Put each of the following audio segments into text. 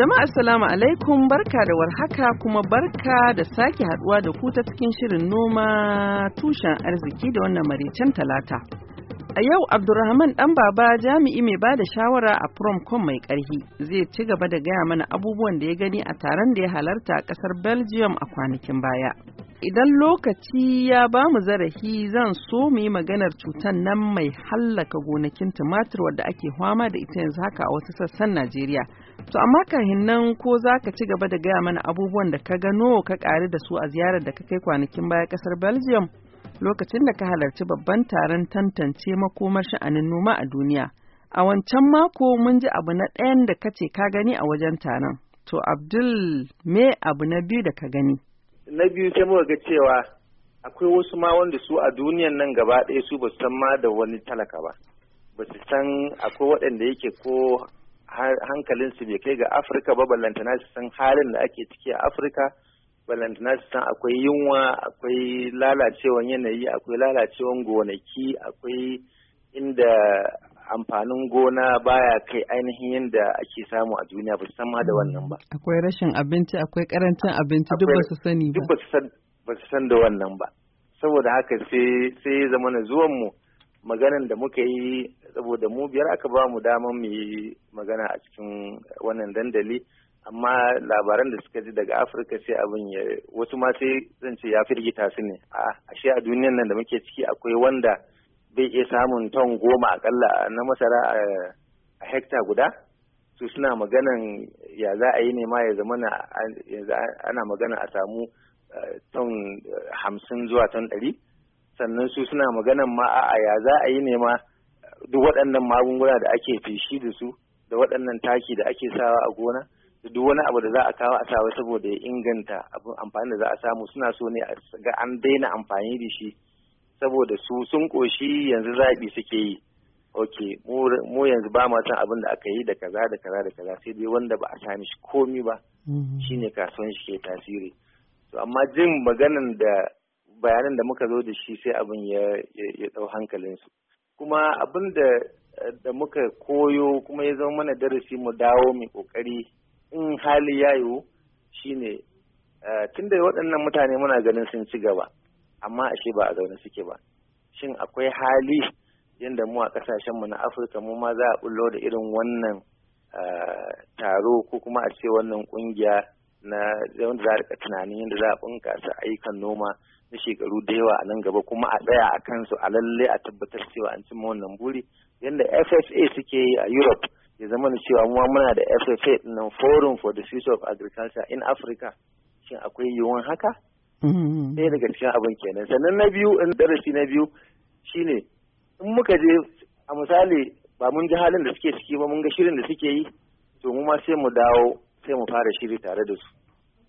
Jama'a salamu alaikum barka da warhaka kuma barka da sake haduwa da ku ta cikin shirin noma tushen arziki da wannan maraicen talata. A yau Abdulrahman dan baba jami'i mai bada shawara a Promcom mai karhi zai ci gaba da gaya mana abubuwan da ya gani a taron da ya halarta a kasar Belgium a kwanakin baya. idan lokaci ya ba mu zarafi zan so mu yi maganar cutar nan mai hallaka gonakin tumatir wadda ake fama da ita yanzu haka a wasu sassan Najeriya. To amma kahin nan ko za ka ci gaba da gaya mana abubuwan da ka gano ka ƙari da su a ziyarar da ka kai kwanakin baya ƙasar Belgium lokacin da ka halarci babban taron tantance makomar sha'anin noma a duniya. A wancan mako mun ji abu na ɗayan da ka ce ka gani a wajen taron. To Abdul me abu na biyu da ka gani? na biyu sai muka ga cewa akwai wasu ma wanda su a duniyan nan gaba ɗaya su ba su san ma da wani talaka ba ba su san akwai waɗanda yake ko hankalinsu bai kai ga afirka ba ballantana su san halin da ake ciki a afirka ballantana su san akwai yunwa akwai lalacewan yanayi akwai lalacewan gonaki akwai inda amfanin gona baya kai ainihin yadda ake samu a duniya ba su san ma da wannan ba. Akwai rashin abinci, akwai karancin abinci duk ba su sani ba. Duk ba su san da wannan ba. Saboda haka sai sai zama na zuwan mu maganan da muka yi saboda mu biyar aka ba mu damar mu yi magana a cikin wannan dandali amma labaran da suka ji daga afirka sai abin ya wasu ma sai zan ce ya firgita su ne a ashe a duniyan nan da muke ciki akwai wanda Zai iya samun ton goma akalla na masara a hekta guda su suna maganan ya za a yi ne ya zama ana magana a samu eh, ton eh, hamsin zuwa ton ɗari sannan su suna maganan ma a ya za a yi nema ma eh, duk waɗannan magunguna da ake feshi da su da waɗannan taki da ake sawa a gona duk wani abu da za a kawo a sawa saboda ya inganta abin amfani da za a samu suna so ne ga an daina amfani da shi saboda su sun koshi yanzu zaɓi suke yi ok mu yanzu ba matan abin da aka yi da kaza da kaza da kaza sai dai wanda ba a sami shi komi ba mm-hmm. shine kasuwan shi ke tasiri to amma jin maganan da bayanan da muka zo da shi sai abin ya ɗau hankalinsu kuma abin da muka koyo kuma ya zama mana darasi mu dawo mai kokari in hali ya yiwu shine eh, tunda waɗannan mutane muna ganin sun ci gaba amma ashe ba a zaune suke ba shin akwai hali yadda mu a kasashen mu na afirka mu ma za a bullo da irin wannan eh, taro ko kuma a ce wannan kungiya na yadda za a rika tunanin yadda za a bunkasa ayyukan noma na shekaru da yawa a nan gaba kuma a tsaya a kansu a lalle a tabbatar cewa an cimma wannan buri yadda FFA suke yi a Europe ya zama da cewa mu muna da FFA nan Forum for the Future of Agriculture in Africa shin akwai yiwuwan haka Mm-hmm. ɗaya daga cikin abin kenan sannan na biyu in darasi na biyu shine in muka je a misali ba mun ji halin da suke ciki ba mun ga shirin da suke yi to mu ma sai mu dawo sai mu fara shiri tare da su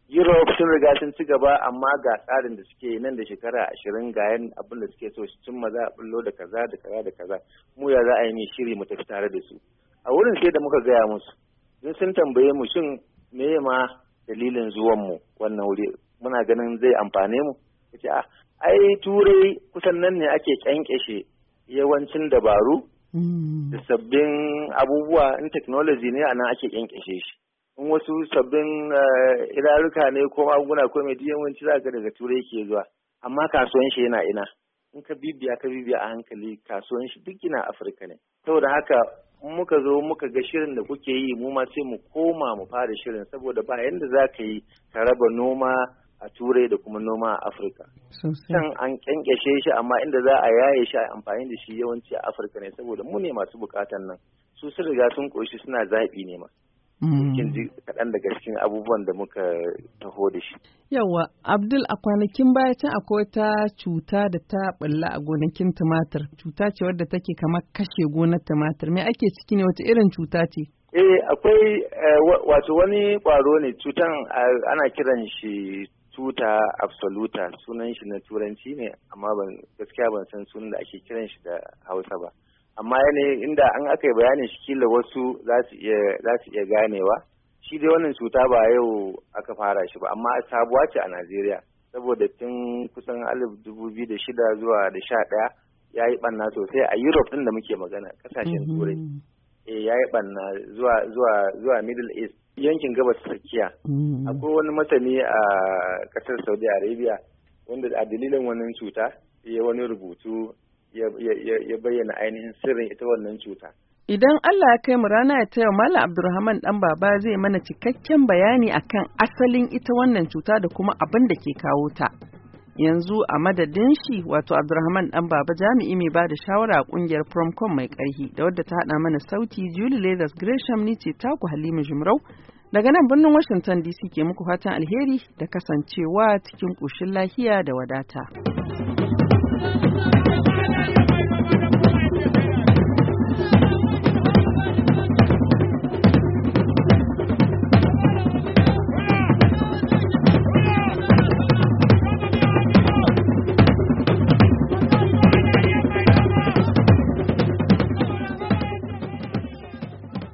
Europe sun riga sun ci gaba amma ga tsarin da suke nan da shekara ashirin ga yan abin da suke so sun maza a bullo da kaza da kaza da kaza mu ya za a yi shiri mu tafi tare da su a wurin sai da muka gaya musu sun sun tambaye mu shin me ma dalilin zuwan mu wannan wuri muna ganin zai amfane mu yace a ah, ai turai kusan nan ne ake kyankyashe yawancin dabaru hmm. da sabbin abubuwa in technology ne anan ake kyankyashe shi in wasu sabbin eh, idaruka ne ko magunguna ko mai yawanci za ka daga turai ke zuwa amma kasuwan shi yana ina in ka bibiya ka bibiya a hankali kasuwan shi duk gina afirka ne saboda haka muka zo muka ga shirin da kuke yi mu ma sai mu koma mu fara shirin saboda ba yanda za ka yi ka raba noma a turai da kuma noma a afirka can an kyankyashe shi amma inda za a yaye shi a amfani da shi yawanci a afirka ne saboda mu ne masu bukatan nan su sun riga sun koshi suna zaɓi ne ma mm. kin ji kaɗan daga cikin abubuwan da muka taho da shi. Yawwa, Abdul a kwanakin baya can akwai wata cuta da ta a gonakin tumatir. Cuta ce wadda take kamar kashe gonar tumatir. Me ake ciki ne wata irin cuta ce? Eh, akwai eh, wato wani ƙwaro ne cutan eh, ana kiran shi tuta absoluta sunan shi na turanci ne amma ban gaskiya ban san sunan da ake kiran shi da hausa ba amma yanayin inda an aka yi bayanin shi kila wasu za su iya ganewa shi dai wannan cuta ba yau aka fara shi ba amma sabuwa ce a najeriya saboda tun kusan alif dubu biyu da shida zuwa da sha ɗaya ya yi ɓanna sosai a europe ɗin da muke magana kasashen turai mm-hmm. Eh, ya yi ɓanna zuwa middle east yankin gabas turkiya mm-hmm. akwai wani masani a ƙasar saudi arabia wanda a dalilin wannan cuta ya wani rubutu ya bayyana ainihin sirrin ita wannan cuta Idan Allah ya kai mu rana ta yau Malam Abdulrahman dan baba zai mana cikakken bayani akan asalin ita wannan cuta da kuma abin da ke kawo ta. yanzu a madadin shi wato abdurrahman dan baba jami'i mai ba da shawara a kungiyar promcom mai karhi da wadda ta hada mana sauti julie leathers gresham ni ce taku halima jimrau daga nan birnin washington dc ke muku fatan alheri da kasancewa cikin kushin lahiya da wadata.